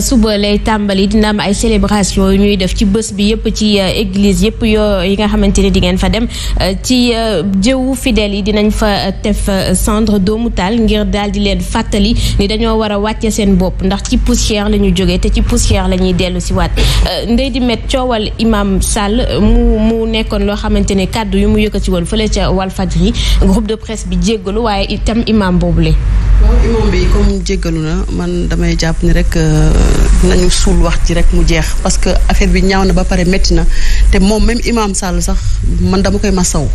suba lay tàmbali dina am ay célébration yu ñuy def ci bés bi yëpp ci euh, église yëpp yoo yi nga xamante ni di ngeen fa dem euh, ci euh, jëwu fidel yi dinañ fa tef cendre doomu taal ngir daal di leen fàttali ni dañoo war a wàcce seen bopp ndax ci poussière la ñu jógee te ci poussière la ñuy dellu si waat ndey di met coowal imam Sall mu mu nekkoon loo xamante ne kàddu yu mu yëkkati woon fële ca Walfadjri groupe de presse bi jéggalu waaye itam imam boobule. waaw imam bi comme rek. dinañu suul wax ji rek mu jeex parce que affaire bi ñaaw na ba pare métti na te moom même Imam Sall sax man dama koy masaw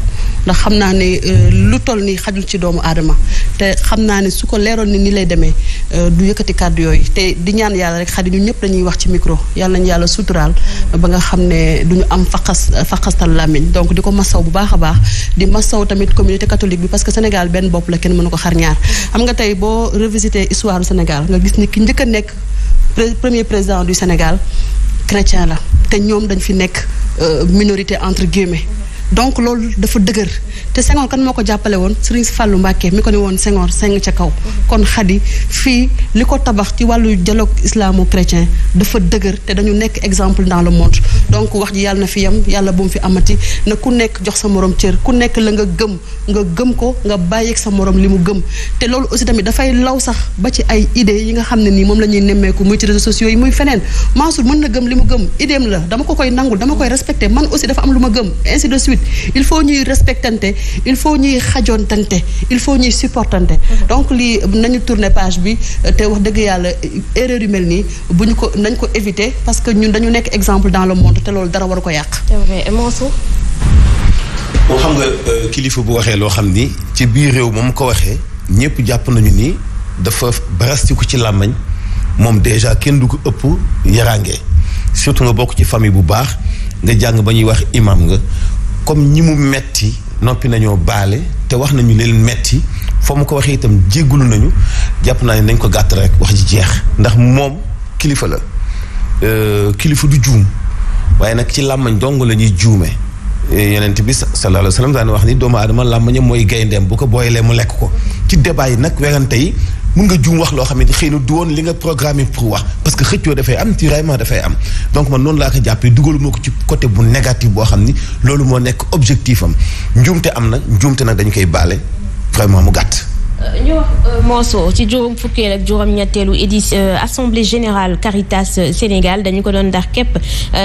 ndax xam naa ne euh, lu toll nii xajul ci doomu aadama te xam naa ne su ko leeroon ni ni lay demee euh, du yëkkati kàddu yooyu te di ñaan yàlla rek xadi ñu ñëpp dañuy wax ci micro yàlla nañu yàlla ba nga xam ne du ñu am faqas faqastal làmmiñ donc di ko masaw bu baax a baax di masaw tamit communauté catholique bi parce que Sénégal benn bopp la kenn mënu ko xar ñaar xam nga tey boo revisité histoire Sénégal nga gis ni ki njëkk a nekk premier président du Sénégal chrétien la te ñoom dañ fi nekk euh, minorité entre guillemets donc loolu dafa dëgër te Senghor kan moo ko jàppale woon Serigne Fallou Mbacké mi ko ne woon Senghor seng ca kaw kon xadi fii li ko tabax ci wàllu jaloo islamo-chrétien dafa dëgër te dañu nekk exemple dans le monde donc wax ji yàlla na fi yam yàlla bu mu fi amati na ku nekk jox sa morom cër ku nekk la nga gëm nga gëm ko nga bàyyeeg sa morom li mu gëm te loolu aussi tamit dafay law sax ba ci ay idées yi nga xam ne nii moom la ñuy nemmeeku muy ci réseaux sociaux yi muy feneen Mansour na gëm li mu gëm idéem la dama ko koy nangul dama koy respecté man aussi dafa am lu ma gëm il faut ñuy respectante il faut ñuy xajontante il faut ñuy supportante donc lii nañu tourner page bi te wax dëgg yàlla erreur yu mel nii bu ñu ko nañ ko éviter parce que ñun dañu nekk exemple dans le monde te loolu dara war a ko yàq moo xam nga euh, kilifa bu waxee loo xam ni ci biir réew moom ko waxee ñëpp jàpp nañu ni dafa barastiku ci làmmañ moom déjà kenn du ko ëpp yaraange surtout nga bokk ci famille bu baax nga jàng ba ñuy wax imam nga comme ñi mu metti noppi nañoo baale te wax nañu leen metti foo mu ko waxee itam jéggulu nañu jàpp naa ne nañ ko gàtt rek wax ji jeex ndax moom kilifa la euh, kilifa du juum waaye nag ci làmmañ dong lañuy ñuy juume euh, yonent bi sallallahu alayhi wa sallam wax ni doomu aadama làmmañam mooy gayndeem bu ko booylee mu lekk ko ci débat yi nag werante yi mun nga juum wax loo xam ne xëy na du li nga programmé pour wax parce que xëccoo dafay am tiraillement dafay am donc man noonu laa ko jàppee dugalu ko ci côté bu négatif boo xam ni loolu moo nekk objectif am njuumte am na njuumte nag dañu koy baale vraiment mu gàtt ñu wax euh, ci juróom fukkeel ak juróom-ñetteelu édition euh, assemblée général Caritas euh, Sénégal dañu ko doon ndax képp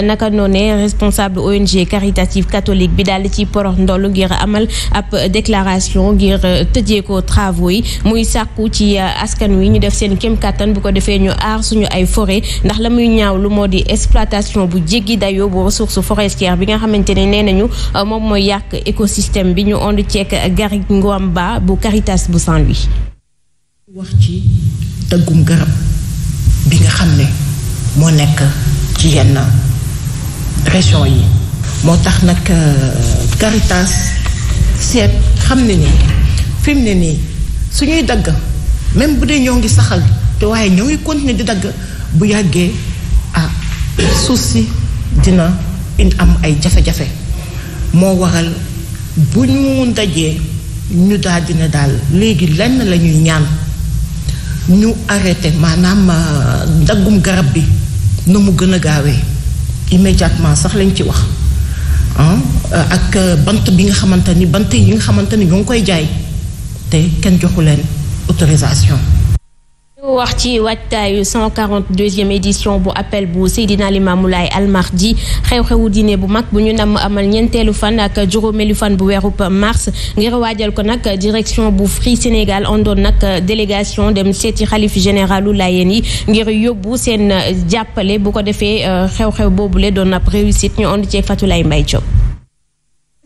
naka noonee responsable ONG caritative catholique bi daal di ci porox ndoll ngir amal ab déclaration ngir tëjeeko ko travaux yi muy sàkku ci askan wi ñu def seen kéem kattan bu ko defee ñu aar suñu ay forêt ndax la muy ñaaw lu moo di exploitation bu jéggi dayoo bu ressource forestière bi nga xamante ne nee nañu moom mooy yàq écosystème bi ñu ond ceek Garig Ngom Ba bu Caritas Saint-Louis. wax ci tëggum garab bi nga xam ne moo nekk ci yenn région yi. moo tax nag karitas euh, seet xam ne ni fim ne nii suñuy dagg même bu dee ñoo ngi saxal te waaye ñoo ngi continuer di dagg bu yàggee ah suuf si dina in am ay jafe-jafe moo waral bu ñu dajee. ñu daal dina daal léegi lenn la ñuy ñaan ñu arrêté maanaam euh, daggum garab bi na mu gën a gaawee immédiatement sax lañ ci wax euh, ak euh, bant bi nga xamante ni bant yi nga xamante ni ñu ngi koy jaay te kenn joxu leen autorisation wax ci waajtaayu 142e édition bu appel bu Seydina Limamou Laye Al Mahdi xew-xewu diine bu mag bu ñu namm amal ñeenteelu fan ak juróomeelu fan bu weerub mars ngir waajal ko nag direction bu Free Sénégal àndoon nag délégation dem seeti xalif généralu Layeen yi ngir yóbbu seen jàppale bu ko defee euh, xew-xew boobule doon ab réussite ñu ànd ceeg Fatou Lay mbay Diop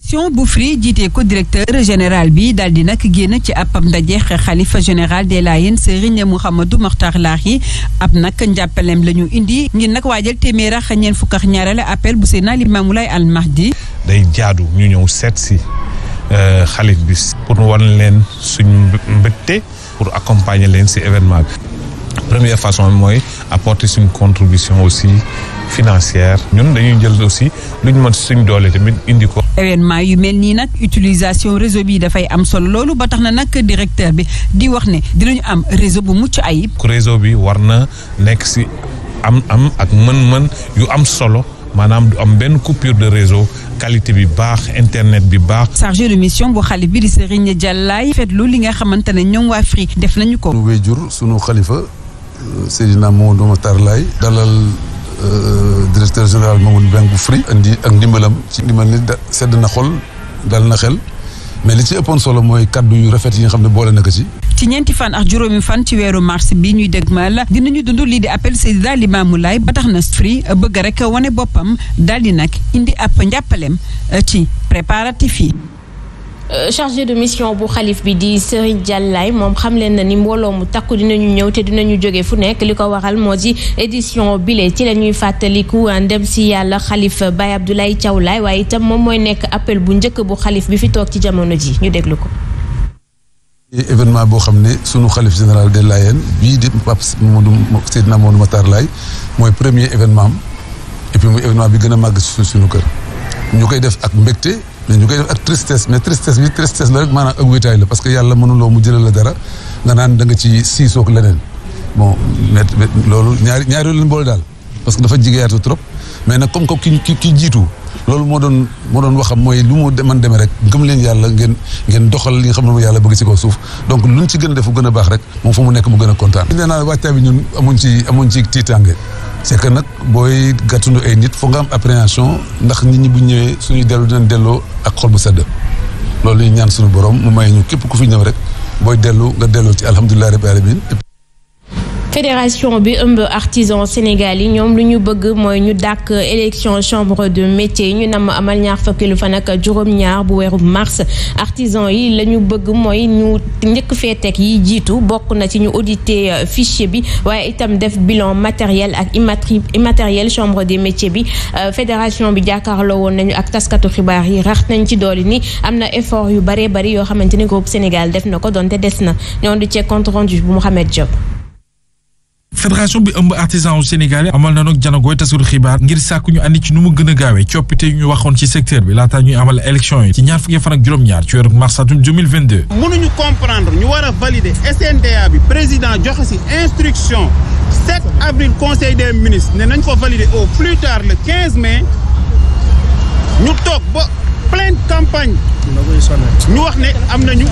Sion Boufri jiite ko directeur général bi daal di nag génn ci ab ndaje xalifa général des Layènes Serigne Mouhamadou Mokhtar Lahi ab nag njàppaleem la ñu indi ngir nag waajal téeméer ak ñeent fukk ak appel bu Seydina Limaamu Laay Al Mahdi day jaadu ñu ñëw seet si euh, xalif bi pour wan leen suñu mbëtte pour accompagner leen si événement bi première façon mooy apporter suñ contribution aussi financière ñun dañuy jël aussi luñ mën suñ doole tamit indi ko. événement yu mel nii nag utilisation réseau bi dafay am solo loolu ba tax na nag directeur bi di wax ne dinañu am réseau bu mucc ayib. réseau bi war na nekk si am am ak mën-mën yu am solo. maanaam du am benn coupure de réseau qualité bi baax internet bi baax. chargé de mission bu xalif bi di Serigne Diallaay fetlu li nga xamante ne ñoom waa Afrique def nañu ko. suñu wéjur sunu xalifa Seydina Mamadou Matar Laay dalal. Euh, directeur général Mamoun Bengu Fri indi ak ndimbalam ci ndimbal li sedd na xol dal na xel mais li ci ëppoon solo mooy kaddu yu rafet yi nga xam ne boole na ko ci ci ñeenti fan ak juróomi fan ci weeru mars bi ñuy dëgmal ñu dund lii di appel Seydina Limamou Laye ba tax na Fri bëgg rek wane boppam daal di nag indi app njàppaleem euh, ci préparatif yi Euh, chargé de mission bu xalif bi di Serigne jàllaay moom xam leen na ni mbooloo mu takku dinañu ñëw te dinañu jóge fu nekk li ko waxal moo di édition bile ci lañuy ñuy fàttaliku ah, ndem si yàlla xalif Baye Abdoulaye Thiaw Laye waaye itam moom mooy nekk appel bu njëkk bu xalif bi fi toog ci jamono ji ñu déglu ko. événement boo xam ne sunu xalif général de Layeen bii di Pape Modou Seydina mooy premier événement am et puis muy événement bi gën a màgg suñu kër ñu koy def ak mbégte. mais ñu koy def ak tristesse mais tristesse bi tristesse la rek maanaam ak wéetaay la parce que yàlla mënuloo mu jëlal la dara nga naan da nga ci siisoog leneen bon mais loolu ñaari ñaari leen boole daal parce que dafa jigeyaatu trop mais nag comme que ki ki ki jiitu loolu moo doon moo doon waxam mooy lu mu deman demee rek gëm leen yàlla ngeen ngeen doxal li nga xam ne moom yàlla bëgg ci ko suuf donc luñ ci gën a def mu gën a baax rek moom fu mu nekk mu gën a kontaan. nee naa waajtaay bi ñun amuñ ci amuñ c'est que nag booy gàttunu ay nit foo nga am appréhension ndax nit ñi bu ñëwee suñu dellu dinañ delloo ak xol bu sedd loolu ñu ñaan suñu borom mu may ñu képp ku fi ñëw rek booy dellu nga delloo ci alhamdulilah rabbi alamin fédération bi ëmb artisan Sénégal yi ñoom lu ñu bëgg mooy ñu dàkk élection chambre de métier ñu nam amal ñaar fukki fan ak juróom-ñaar bu weeru mars artisan yi la ñu bëgg mooy ñu njëkk fee teg yi jiitu bokk na ci ñu auditer euh, fichier bi waaye itam def bilan matériel ak immatériel chambre des métier bi euh, fédération bi jàkkaarloo woon nañu ak taskatu xibaar yi rax nañ ci doole ni am na effort yu baree bari yoo xamante ni groupe Sénégal def na ko donte des na ñoo cee compte rendu bu Mouhamed Diop fédération bi ëmb artisan wu sénégalais amal na nag janagooy tasul xibaar ngir sàkk ñu andi ci nu mu gën a gaawee coppite yu ñu waxoon ci secteur bi laataa ñuy amal élection yi ci ñaar fukki fan ak juróom-ñaar ci weeru mars mënuñu comprendre ñu war a valider SNDA bi président joxe si instruction 7 avril conseil des ministres ne nañ ko valider au plus tard le mais mai ñu toog ba pleine campagne ñu wax ne am nañu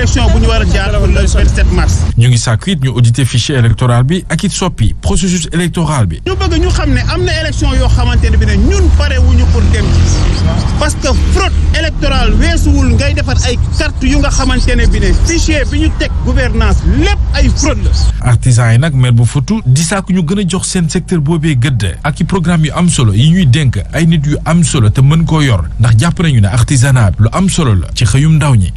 élection bu ñu war a jaar le 27 mars. ñu ngi sàkku it ñu auditer fichier électoral bi ak it soppi processus électoral bi. ñu bëgg ñu xam ne am na élection yoo xamante ne bi ne ñun pare wuñu pour dem ci parce que fraude électorale weesuwul ngay defar ay carte yu nga xamante ne bi ne fichier bi ñu teg gouvernance lépp ay fraude la. artisans yi nag maire bu futu di sàkku ñu gën a jox seen secteur boobee gëdd ak i programme yu am solo yi ñuy dénk ay nit yu am solo te mën koo yor ndax jàpp nañu ne artisanat lu am solo la ci xëyum ndaw ñi.